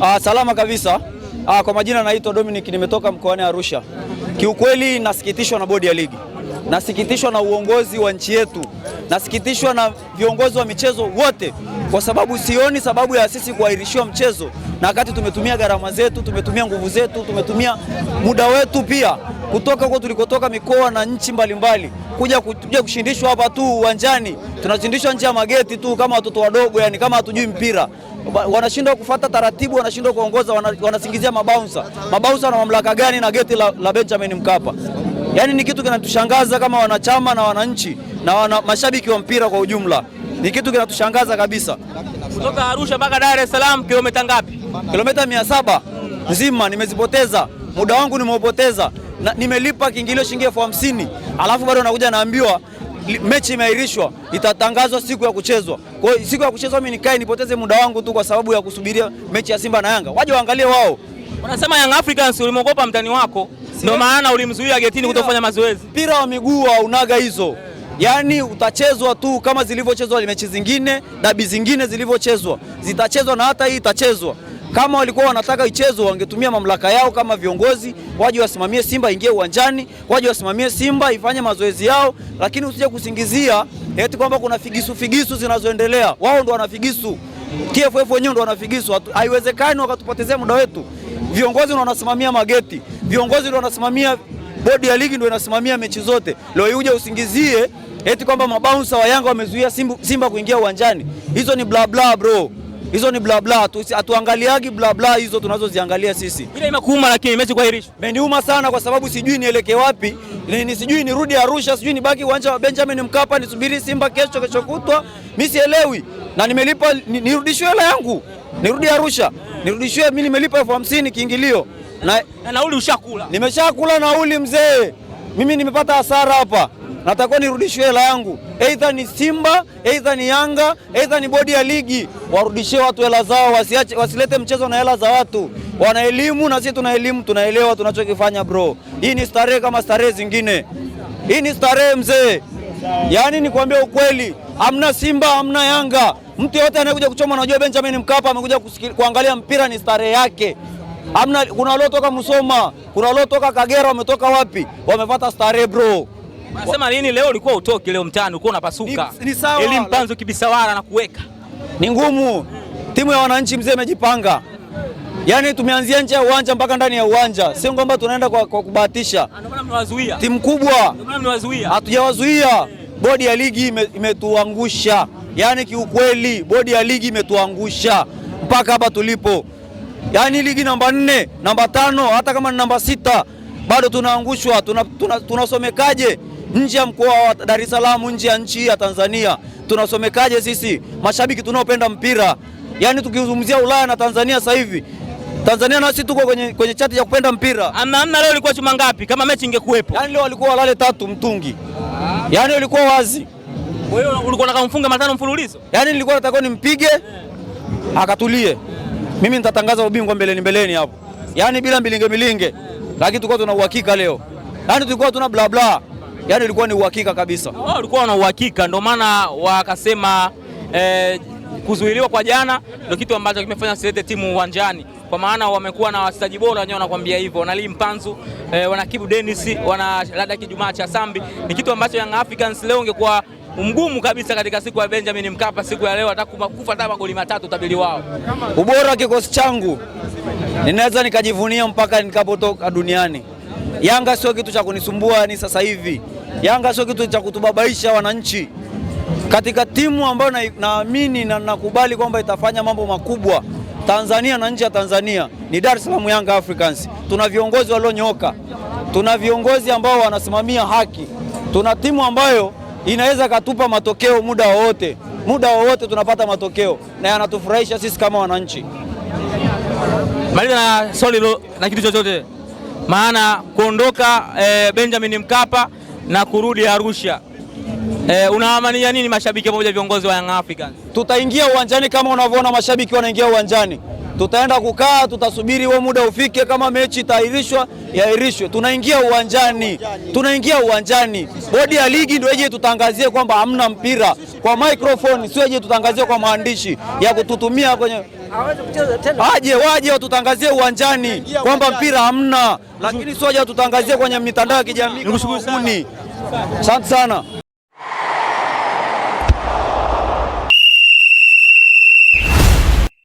Ah, salama kabisa. Ah, kwa majina naitwa Dominic, nimetoka mkoani Arusha. Kiukweli nasikitishwa na bodi ya ligi, nasikitishwa na uongozi wa nchi yetu, nasikitishwa na viongozi wa michezo wote, kwa sababu sioni sababu ya sisi kuahirishiwa mchezo, na wakati tumetumia gharama zetu, tumetumia nguvu zetu, tumetumia muda wetu pia kutoka huko tulikotoka mikoa na nchi mbalimbali kuja kuja kushindishwa hapa tu uwanjani, tunashindishwa nje ya mageti tu kama watoto wadogo, yani kama hatujui mpira wanashindwa kufata taratibu, wanashindwa kuongoza, wanasingizia mabaunsa. Mabaunsa na mamlaka gani na geti la, la Benjamin Mkapa? Yaani ni kitu kinatushangaza kama wanachama na wananchi na wana, mashabiki wa mpira kwa ujumla, ni kitu kinatushangaza kabisa. Kutoka Arusha mpaka Dar es Salaam kilomita ngapi? Kilomita mia saba nzima nimezipoteza, muda wangu nimeupoteza, nimelipa kiingilio shilingi elfu hamsini alafu bado nakuja naambiwa mechi imeahirishwa, itatangazwa siku ya kuchezwa. Kwa hiyo siku ya kuchezwa mimi nikae nipoteze muda wangu tu kwa sababu ya kusubiria mechi ya Simba na Yanga, waje waangalie wao. Unasema Young Africans ulimogopa mtani wako, ndio maana ulimzuia getini kutofanya mazoezi. Mpira wa miguu haunaga hizo Yaani utachezwa tu kama zilivyochezwa mechi zingine, dabi zingine zilivyochezwa, zitachezwa na hata hii itachezwa. Kama walikuwa wanataka ichezo wangetumia mamlaka yao kama viongozi, waje wasimamie Simba ingie uwanjani, waje wasimamie Simba ifanye mazoezi yao, lakini usije kusingizia eti kwamba kuna figisu figisu zinazoendelea. Wao ndo wanafigisu, TFF wenyewe ndo wanafigisu. Haiwezekani wakatupotezea muda wetu. Viongozi ndo wanasimamia mageti, viongozi ndo wanasimamia bodi ya ligi, ndo inasimamia mechi zote. Leo hii uje usingizie eti kwamba mabaunsa wa Yanga wamezuia Simba kuingia uwanjani. Hizo ni bla bla bro hizo ni blabla tu, hatuangaliagi blabla hizo tunazoziangalia sisi. Ile imekuuma lakini imezi kuahirishwa. Imeniuma sana kwa sababu sijui nielekee wapi, ni sijui nirudi Arusha, sijui nibaki uwanja wa Benjamin Mkapa nisubiri Simba kesho, kesho kutwa, mimi sielewi. Na nimelipa nirudishwe hela yangu, nirudi Arusha, nirudishwe mimi nimelipa elfu hamsini kiingilio na, na nauli ushakula. Nimeshakula nauli mzee, mimi nimepata hasara hapa natakuwa nirudishiwe hela yangu, aidha ni Simba, aidha ni Yanga, aidha ni bodi ya ligi, warudishie watu hela zao, wasiache, wasilete mchezo na hela za watu. Wana elimu na sisi tuna elimu, tunaelewa tunachokifanya bro. Hii ni starehe kama starehe zingine, hii ni starehe mzee. Yaani nikwambia ukweli, hamna Simba, hamna Yanga, mtu yote anayekuja kuchoma, anajua Benjamin Mkapa amekuja kuangalia mpira, ni starehe yake. Hamna, kuna waliotoka Musoma, kuna waliotoka Kagera, wametoka wapi? Wamepata starehe bro. Unasema nini leo? Ulikuwa utoki leo mtaani, ulikuwa unapasuka. Ni, ni sawa. Elimu Panzo kibisawara na kuweka ni ngumu. Timu ya wananchi mzee imejipanga, yaani tumeanzia nje ya uwanja mpaka ndani ya uwanja, sio kwamba tunaenda kwa, kwa kubahatisha. Ah, Timu kubwa hatujawazuia. Bodi ya ligi imetuangusha yaani kiukweli, bodi ya ligi imetuangusha mpaka hapa tulipo. Yaani ligi namba nne, namba tano, hata kama ni namba sita bado tunaangushwa. Tunasomekaje? tuna, tuna, tuna nje ya mkoa wa Dar es Salaam, nje ya nchi ya Tanzania. Tunasomekaje sisi mashabiki tunaopenda mpira? Yaani tukizungumzia Ulaya na Tanzania sasa hivi Tanzania nasi tuko kwenye, kwenye chati ya kupenda mpira. Amna, amna leo ilikuwa chuma ngapi kama mechi ingekuwepo? Yaani leo walikuwa walale tatu mtungi. Yaani ilikuwa wazi. Kwa hiyo ulikuwa unataka kumfunga matano mfululizo? Yaani nilikuwa nataka nimpige akatulie. Mimi nitatangaza ubingwa mbeleni mbeleni hapo. Yaani bila milinge milinge. Lakini tulikuwa tuna uhakika leo. Yaani tulikuwa tuna bla bla yani ilikuwa ni uhakika kabisa. Wao walikuwa wana uhakika, ndio maana wakasema eh, kuzuiliwa kwa jana ndio kitu ambacho kimefanya silete timu uwanjani kwa maana wamekuwa na wachezaji bora wenyewe wanakwambia hivyo, wana Lee Mpanzu eh, wana Kibu Dennis, wana Ladaki Jumaa cha Sambi. Ni kitu ambacho Young Africans leo ungekuwa mgumu kabisa katika siku ya Benjamin Mkapa siku ya leo, atakufa hata magoli matatu utabili wao. Ubora wa kikosi changu ninaweza nikajivunia mpaka nikapotoka duniani. Yanga sio kitu cha kunisumbua ni sasa hivi. Yanga sio kitu cha kutubabaisha wananchi. Katika timu ambayo naamini na nakubali na kwamba itafanya mambo makubwa Tanzania na nje ya Tanzania ni Dar es Salaam Yanga Africans. Tuna viongozi walionyooka, tuna viongozi ambao wanasimamia haki, tuna timu ambayo inaweza katupa matokeo muda wowote, muda wowote tunapata matokeo na yanatufurahisha sisi kama wananchi. Maliza na swali na kitu chochote maana kuondoka e, Benjamin Mkapa na kurudi Arusha e, eh, unaamania nini mashabiki pamoja viongozi wa Young Africans? Tutaingia uwanjani kama unavyoona mashabiki wanaingia uwanjani, tutaenda kukaa, tutasubiri huo muda ufike. Kama mechi itaahirishwa yaahirishwe, tunaingia uwanjani, tunaingia uwanjani. Bodi ya ligi ndio eje tutangazie kwamba hamna mpira kwa microphone, sio yeye tutangazie kwa maandishi ya kututumia kwenye Aje waje watutangazie uwanjani kwamba mpira hamna, lakini si waje watutangazie kwenye mitandao ya kijamii. Asante sana.